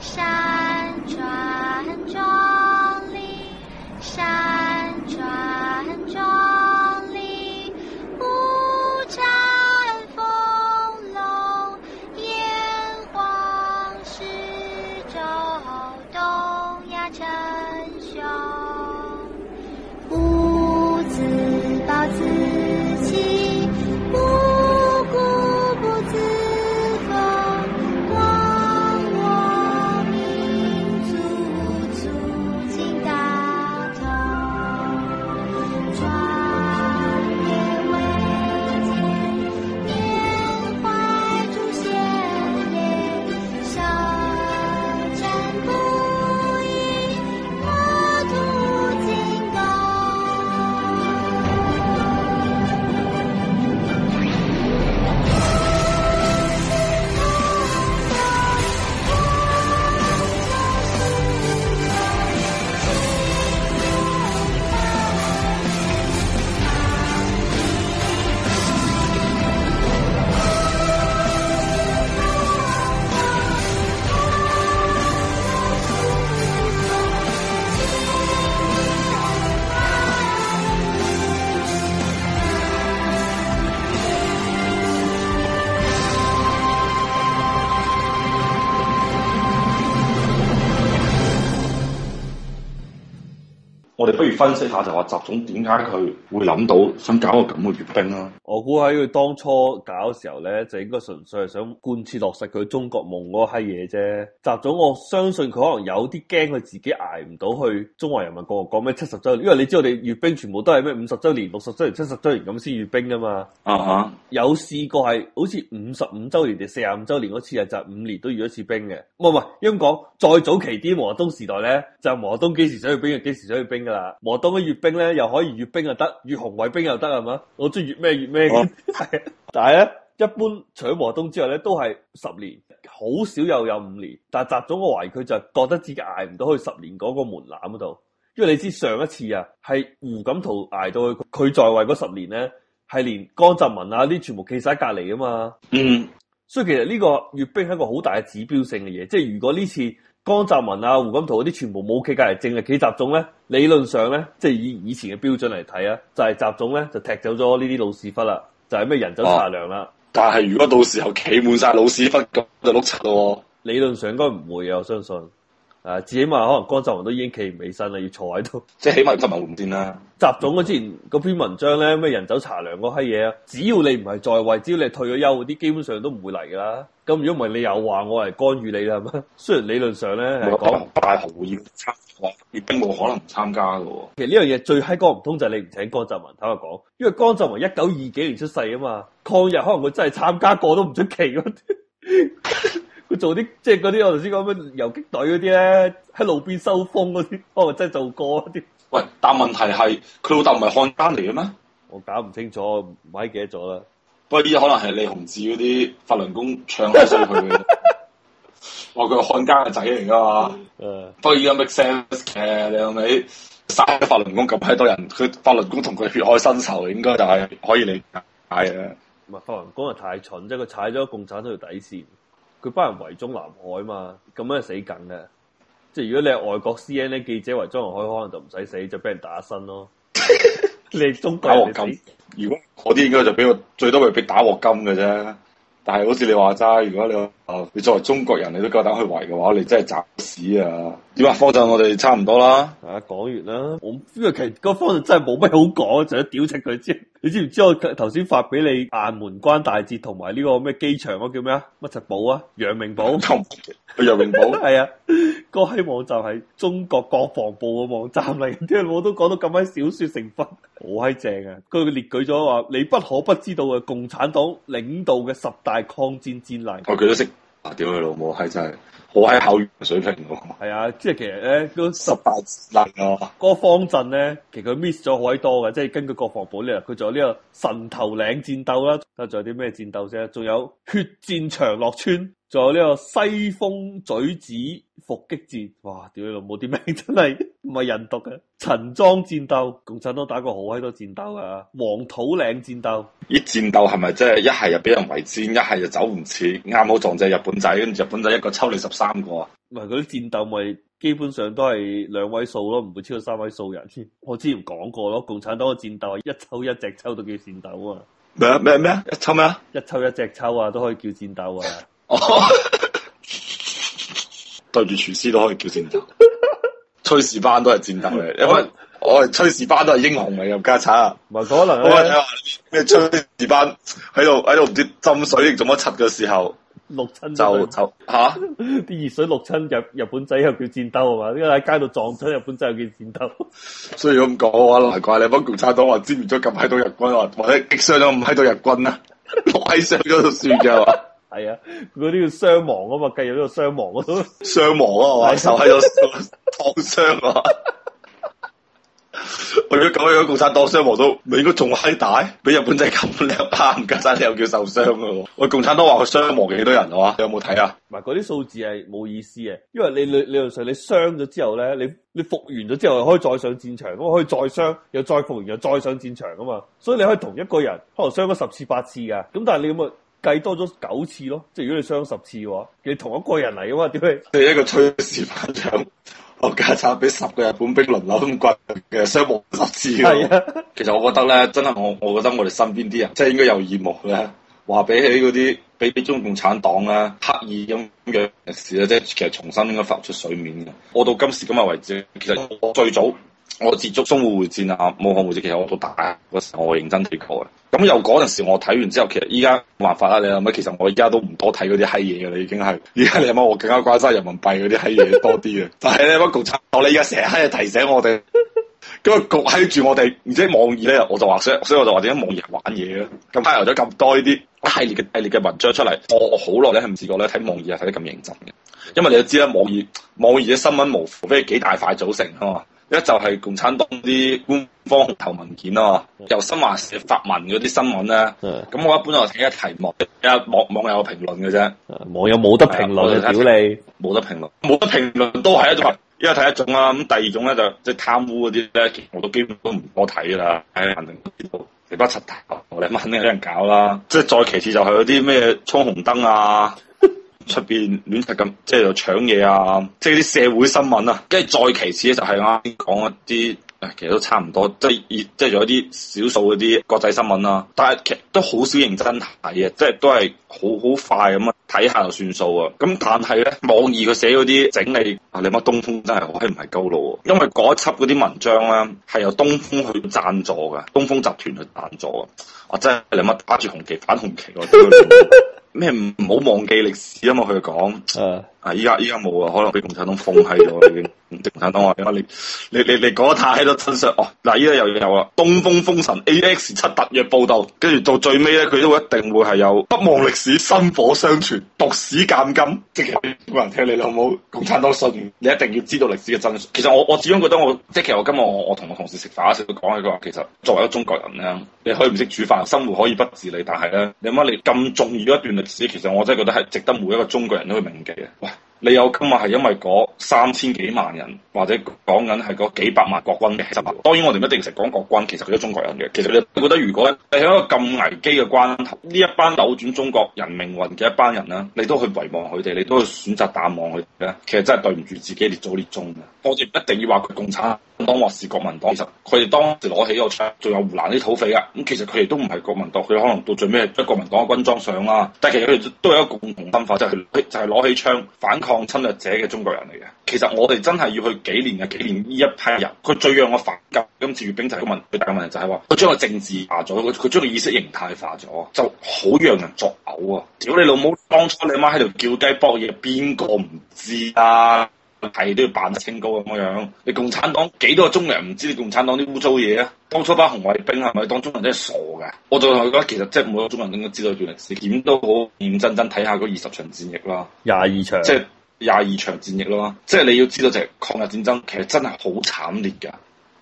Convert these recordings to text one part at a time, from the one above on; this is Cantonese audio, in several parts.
山川。你不如分析下就話習總點解佢會諗到想搞個咁嘅閱兵啦、啊？我估喺佢當初搞嘅時候咧，就應該純粹係想貫徹落實佢中國夢嗰個嘢啫。習總，我相信佢可能有啲驚佢自己捱唔到去中華人民共和國咩七十周年，因為你知道你閱兵全部都係咩五十周年、六十周年、七十周年咁先閱兵噶嘛。啊哈、uh！Huh. 有試過係好似五十五周年定四十五周年嗰次啊，就五年都閱一次兵嘅。唔係唔係，應該講再早期啲毛阿東時代咧，就係、毛阿東幾時想去兵就幾時想去兵噶啦。毛東嘅閱兵咧，又可以閱兵又得，閱紅衛兵又得，係嘛？我中意閱咩閱咩嘅。啊、 但係咧，一般除咗毛東之外咧，都係十年，好少又有五年。但係習總，我懷疑佢就覺得自己捱唔到去十年嗰個門檻嗰度，因為你知上一次啊，係胡錦濤捱到去佢在位嗰十年咧，係連江澤民啊啲全部企晒喺隔籬啊嘛。嗯、所以其實呢個閱兵係一個好大嘅指標性嘅嘢，即係如果呢次。江澤民啊、胡錦濤嗰啲全部冇企隔離，淨係企習總咧。理論上咧，即係以以前嘅標準嚟睇啊，就係習總咧就踢走咗呢啲老屎忽啦，就係、是、咩人走茶涼啦。但係如果到時候企滿晒老屎忽咁就碌柒咯。理論上應該唔會啊，我相信。誒，最起碼可能江澤民都已經企唔起身啦，要坐喺度，即係起碼今日唔掂啦。習總，之前嗰篇文章咧，咩人走茶涼嗰啲嘢啊，只要你唔係在位，只要你退咗休，啲基本上都唔會嚟噶啦。咁如果唔係，你又話我係干預你啦，係嘛？雖然理論上咧講，大係會要參加，亦都冇可能唔參加噶。其實呢樣嘢最閪講唔通就係你唔請江澤民，坦白講，因為江澤民一九二幾年出世啊嘛，抗日可能佢真係參加過都唔出奇嗰啲。 做啲即係嗰啲我頭先講咩游擊隊嗰啲咧，喺路邊收風嗰啲，哦，真係做過一啲。喂，但問題係佢老豆唔係漢奸嚟嘅咩？我搞唔清楚，唔係記得咗啦。不過呢，可能係李洪志嗰啲法輪功唱上去嘅。我佢漢奸嘅仔嚟噶嘛？嗯。不過而家 make sense 嘅，你有冇啲？殺法輪功咁閪多人，佢法輪功同佢血海深仇，應該係可以理解啊，唔係法輪功係太蠢，即係佢踩咗共產黨條底線。佢班人圍中南海嘛，咁樣係死梗嘅。即係如果你係外國 CNN 呢記者圍中南海，可能就唔使死，就俾人打身咯。 你中國打鑊金，如果嗰啲應該就俾我，最多咪俾打鑊金嘅啫。但係好似你話齋，如果你話，你作為中國人，你都夠膽去圍嘅話，你真係找屎啊！點啊？方陣我哋差唔多啦，講完啦。我呢其實個方陣真係冇乜好講，就係屌柒佢啫。你知唔知我頭先發俾你雁門關大捷同埋呢個咩機場叫寶啊？叫咩啊？乜柒寶啊？楊明寶，楊明寶，係啊，個希望就係中國國防部嘅網站嚟，即係我都講到咁鬼小說成分。好閪正啊！佢列舉咗話你不可不知道嘅共產黨領導嘅十大抗戰戰例，我佢、啊、都識啊！屌你老母，係真係，好閪考員水平喎！係啊，即係其實咧，都十,十大戰例咯，嗰、啊、個方陣咧，其實 miss 咗好多嘅，即係根據國防部呢，佢仲有呢個神頭嶺戰鬥啦，仲有啲咩戰鬥啫？仲有血戰長樂村，仲有呢個西風嘴子伏擊戰，哇！屌你老母啲咩真係～真唔係人毒嘅，陳莊戰鬥，共產黨打過好閪多戰鬥啊，黃土嶺戰鬥，咦，戰鬥係咪真係一係又俾人圍殲，一係就走唔切，啱好撞正日本仔，跟住日本仔一個抽你十三個啊，唔係啲戰鬥咪基本上都係兩位數咯，唔會超過三位數人。我之前講過咯，共產黨嘅戰鬥一抽一隻抽都叫戰鬥啊，咩咩咩啊，一抽咩啊，一抽一隻抽啊都可以叫戰鬥啊， 對住廚師都可以叫戰鬥。炊事班都係戰鬥嘅，因為我哋炊事班都係英雄嚟，又加插啊，唔可能我啊！咩炊事班喺度喺度唔知浸水定做乜柒嘅時候，落親就就吓啲熱水落親日日本仔又叫戰鬥係嘛？呢個喺街度撞親日本仔又叫戰鬥，所以咁講嘅話，難怪你幫共產黨話殲滅咗咁閪多日軍，或者擊傷咗咁閪多日軍啊，落喺上咗度算嘅嘛。 係啊，嗰啲叫傷亡啊嘛，計有呢個傷亡啊，傷亡啊，係嘛， 受喺度燙傷啊。 我如果咁樣，共產黨傷亡都，你應該仲係大？俾日本仔咁叻，巴唔加晒，你又叫受傷嘅？我共產黨話佢傷亡幾多人，係嘛？你有冇睇啊？唔係嗰啲數字係冇意思嘅，因為你理論上你傷咗之後咧，你你復完咗之後可以再上戰場，咁可以再傷，又再復完又再上戰場啊嘛。所以你可以同一個人可能傷咗十次八次啊。咁但係你咁啊？計多咗九次咯，即係如果你傷十次嘅話，你同一個人嚟嘅話？點會？即係一個推屎棒槍，我加插俾十個日本兵輪流咁掘嘅，傷冇十次嘅。啊、其實我覺得咧，真係我，我覺得我哋身邊啲人即係應該有義務咧，話比起嗰啲，比起中共共產黨啦，刻意咁樣嘅事咧，即係其實重新應該浮出水面嘅。我到今時今日為止，其實我最早。我接觸《淞滬會戰》啊，《武漢會戰》，其實我到大嗰時候，我認真睇過嘅。咁又嗰陣時，我睇完之後，其實依家冇辦法啦。你諗下，其實我依家都唔多睇嗰啲閪嘢嘅你已經係。依家你諗下，我更加關心人民幣嗰啲閪嘢多啲啊。但係咧，乜局長，你而家成日喺度提醒我哋，跟住焗喺住我哋。唔知網易咧，我就話，所以所以我就話，點解網易係玩嘢咧？近排由咗咁多呢啲系列嘅系列嘅文章出嚟，我我好耐咧係唔試過咧睇網易係睇得咁認真嘅，因為你都知啦，網易網易嘅新聞無非係幾大塊組成啊嘛。一就係共產黨啲官方紅頭文件咯，由新華社發文嗰啲新聞咧，咁的我一般就睇一題目，睇一網網友評論嘅啫，網友冇得評論屌你，冇得評論，冇得評論，冇得評論都係一種，因為睇一種啦，咁第二種咧就即、是、係貪污嗰啲咧，其實我都基本都唔多睇㗎啦。係肯定知道離不柒大，我哋肯定有人搞啦、啊。即係再其次就係嗰啲咩衝紅燈啊。出面亂七咁，即係就搶嘢啊！即係啲社會新聞啊，跟住再其次咧就係啱啱講一啲，其實都差唔多，即係即係仲有啲少數嗰啲國際新聞啦、啊。但係其實都好少認真睇嘅，即係都係好好快咁啊睇下就算數啊。咁但係咧網易佢寫嗰啲整理啊，你乜東風真係好閪唔係高佬喎？因為嗰一輯嗰啲文章咧係由東風去贊助嘅，東風集團去贊助啊！我真係你乜打住紅旗反紅旗？啲。 咩唔好忘記歷史啊嘛，佢講。Uh. 啊！依家依家冇啊，可能俾共產黨封起咗。 共產黨話：點解你你你你講得太多真相？哦，嗱，依家又有啊。東風風神 A X 七特約報道，跟住到最尾咧，佢都一定會係有不忘歷史薪火相傳，讀史鑑今。即係冇人聽你啦，好唔好？共產黨信，你一定要知道歷史嘅真相。其實我我始終覺得我，即其實我今日我我同我同事食飯，食都講起個話。其實作為一個中國人咧，你可以唔識煮飯，生活可以不自理，但係咧，諗下，你咁重要一段歷史？其實我真係覺得係值得每一個中國人都去銘記嘅。哇！你有今日係因為嗰三千幾萬人，或者講緊係嗰幾百萬國軍嘅，其實當然我哋唔一定成日講國軍，其實佢都中國人嘅。其實你覺得如果你喺一個咁危機嘅關頭，呢一班扭轉中國人命運嘅一班人咧，你都去遺忘佢哋，你都去選擇淡忘佢哋咧，其實真係對唔住自己列祖列宗嘅。我哋唔一定要話佢共產黨，或是國民黨。其實佢哋當時攞起個槍，仲有湖南啲土匪啊。咁其實佢哋都唔係國民黨，佢可能到最尾將國民黨嘅軍裝上啦。但係其實佢哋都有一個共同心法，即係就係、是、攞起槍、就是、反抗侵略者嘅中國人嚟嘅。其實我哋真係要去紀念呀紀念呢一批人。佢最讓我反感今次閱兵就係個問，最大嘅問題就係話佢將個政治化咗，佢佢將個意識形態化咗，就好讓人作嘔啊！屌你老母，當初你媽喺度叫雞搏嘢，邊個唔知啊？係都要扮得清高咁樣，你共產黨幾多個中國人唔知你共產黨啲污糟嘢啊？當初班紅衛兵係咪當中國人真係傻嘅？我就同佢講，其實即係每個中國人應該知道一段歷史，點都好認真真睇下嗰二十場戰役啦，廿二場，即係廿二場戰役咯。即係你要知道，就係抗日戰爭，其實真係好慘烈噶。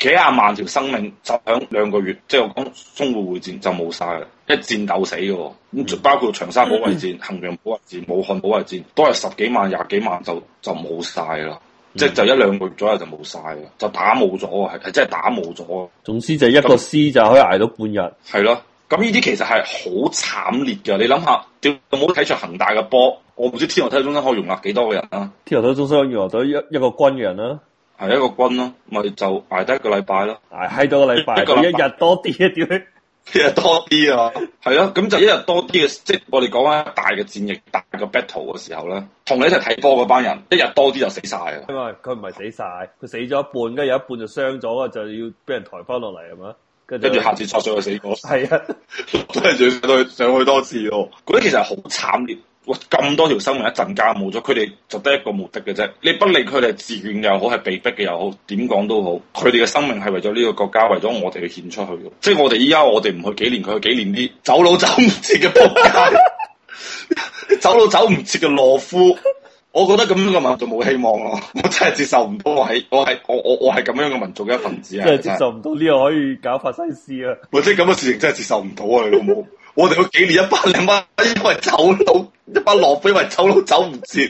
幾廿萬條生命就響兩個月，即係我講淞滬會戰就冇晒啦，一戰鬥死嘅，咁、嗯、包括長沙保衛戰、衡陽、嗯、保衛戰、武漢保衛戰，都係十幾萬、廿幾萬就就冇晒啦，嗯、即係就一兩個月左右就冇晒啦，就打冇咗啊，係係真係打冇咗。總之就一個師就，就可以捱到半日。係咯，咁呢啲其實係好慘烈嘅，你諗下，我冇睇場恆大嘅波，我唔知天河體育中心可以容納幾多個人啦、啊，天河體育中心容納到一一個軍人啦、啊。係一個軍咯，咪就挨得一個禮拜咯。挨喺多個禮拜， 一日多啲啊？點咧？一日多啲啊？係啊，咁就一日多啲嘅，即係我哋講啊大嘅戰役、大個 battle 嘅時候咧，同你一齊睇波嗰班人，一日多啲就死晒啊！因為佢唔係死晒，佢死咗一半，跟住有一半就傷咗啊，就要俾人抬翻落嚟係嘛，跟住下次坐上去死過。係啊，都係要上去上去多次咯。嗰啲其實好慘烈。哇，咁多條生命一陣間冇咗，佢哋就得一個目的嘅啫。你不理佢哋自願又好，係被逼嘅又好，點講都好，佢哋嘅生命係為咗呢個國家，為咗我哋去獻出去。即係我哋依家，我哋唔去紀念佢，去紀念啲走佬走唔切嘅仆街，走佬走唔切嘅懦夫。我覺得咁樣嘅民族冇希望咯，我真係接受唔到，我係我係我我我係咁樣嘅民族嘅一份子啊，真係接受唔到呢個可以搞法西斯啊！或者咁嘅事情真係接受唔到啊！你老母， 我哋嗰幾年一班阿媽因為走佬。一班落飛因為走佬走唔切，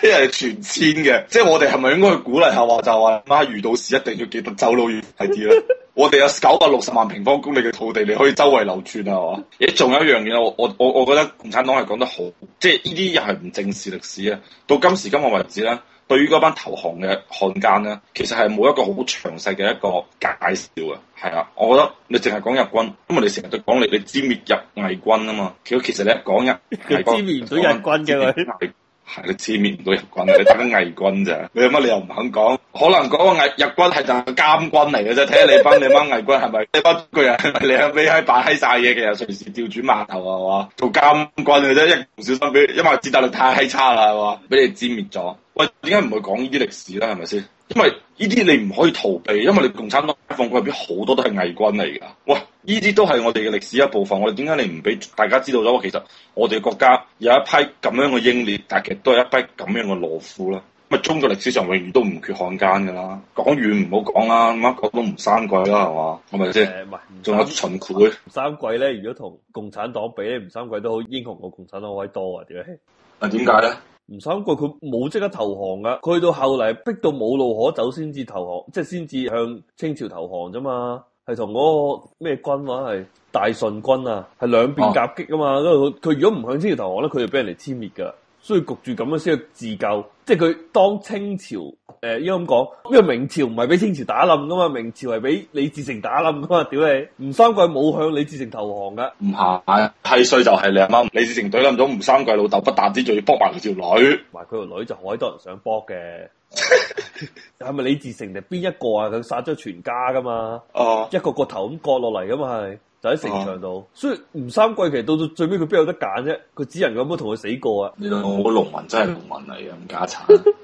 啲人全簽嘅，即係我哋係咪應該去鼓勵下話就話阿媽遇到事一定要記得走佬快啲咧？ 我哋有九百六十萬平方公里嘅土地，你可以周圍流竄啊！哇！仲有一樣嘢，我我我我覺得共產黨係講得好，即係呢啲又係唔正視歷史啊！到今時今日為止咧，對於嗰班投降嘅漢奸咧，其實係冇一個好詳細嘅一個介紹啊，係啊！我覺得你淨係講日軍，咁我哋成日都講你你殲滅日偽軍啊嘛，其實日偽 你一講你日偽，佢殲滅咗日軍嘅佢。係你殲滅唔到日軍，你打緊偽軍咋？你有乜理由唔肯講？可能嗰個偽日軍係就個監軍嚟嘅啫，睇下你班你班偽軍係咪？你班軍人係咪你兩尾喺扮閪晒嘢，嘅人隨時調轉碼頭啊？係嘛？做監軍嘅啫，一唔小心俾因為戰鬥力太閪差啦，係嘛？俾你殲滅咗。喂，點解唔去講呢啲歷史咧？係咪先？因為呢啲你唔可以逃避，因為你共產黨放佢入邊好多都係偽軍嚟噶。哇，呢啲都係我哋嘅歷史一部分。我哋點解你唔俾大家知道咗？其實我哋國家有一批咁樣嘅英烈，但其實都係一批咁樣嘅懦夫啦。咁啊，中國歷史上永遠都唔缺漢奸噶啦。講遠唔好講啦，乜國都吳三桂啦，係嘛？係咪先？誒，唔係，仲有秦檜。吳三桂咧，如果同共產黨比咧，吳三桂都好英雄過共產黨威多啊？點解？啊，點解咧？吳三桂佢冇即刻投降噶，佢到後嚟逼到冇路可走先至投降，即係先至向清朝投降啫嘛。係同嗰個咩軍話係大順軍啊，係兩邊夾擊噶嘛。佢、哦，如果唔向清朝投降咧，佢就俾人嚟殲滅噶喇。所以焗住咁樣先去自救，即係佢當清朝，誒、呃，應該咁講，因為明朝唔係俾清朝打冧噶嘛，明朝係俾李自成打冧噶嘛，屌你，吳三桂冇向李自成投降噶，唔係，係衰就係你阿媽，李自成懟冧咗吳三桂老豆，不但止仲要卜埋佢條女，埋佢條女就好多人想卜嘅，係咪 李自成定邊一個啊？佢殺咗全家噶嘛，uh、一個個頭咁割落嚟噶嘛。就喺城牆度，啊、所以吳三桂其實到到最尾，佢邊有得揀啫？佢只能咁樣同佢死過啊！我個農民真係農民嚟啊，唔家產。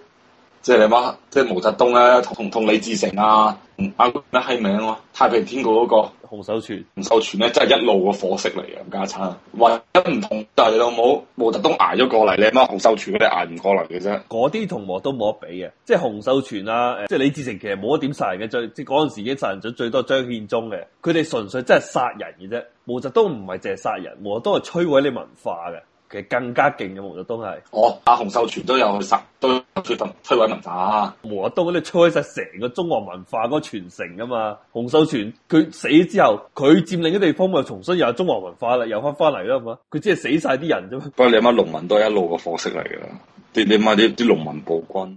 即係你媽，即係毛澤東咧，同同李自成啊，阿咩閪名啊？太平天國嗰、那個洪秀全，洪秀全咧真係一路個貨色嚟嘅。啊，冚家鏟，或者唔同但係、就是、你老母，毛澤東挨咗過嚟，你阿媽洪秀全佢哋挨唔過嚟嘅啫，嗰啲同我都冇得比嘅，即係洪秀全啊，即係李自成其實冇得點殺人嘅，最即係嗰陣時已經殺人咗最多張獻忠嘅，佢哋純粹真係殺人嘅啫，毛澤東唔係淨係殺人，毛澤東係摧毀你文化嘅。其實更加勁嘅毛澤東係，哦，阿洪秀全都有去殺，都推動摧毀文化。毛澤東咧摧毀晒成個中華文，文化嗰個傳承噶嘛。洪秀全佢死之後，佢佔領嘅地方咪重新又有中華文，文化啦，又翻翻嚟啦，係嘛？佢只係死晒啲人啫嘛。不過你諗下，農民都係一路嘅貨色嚟噶，你你乜啲啲農民暴君？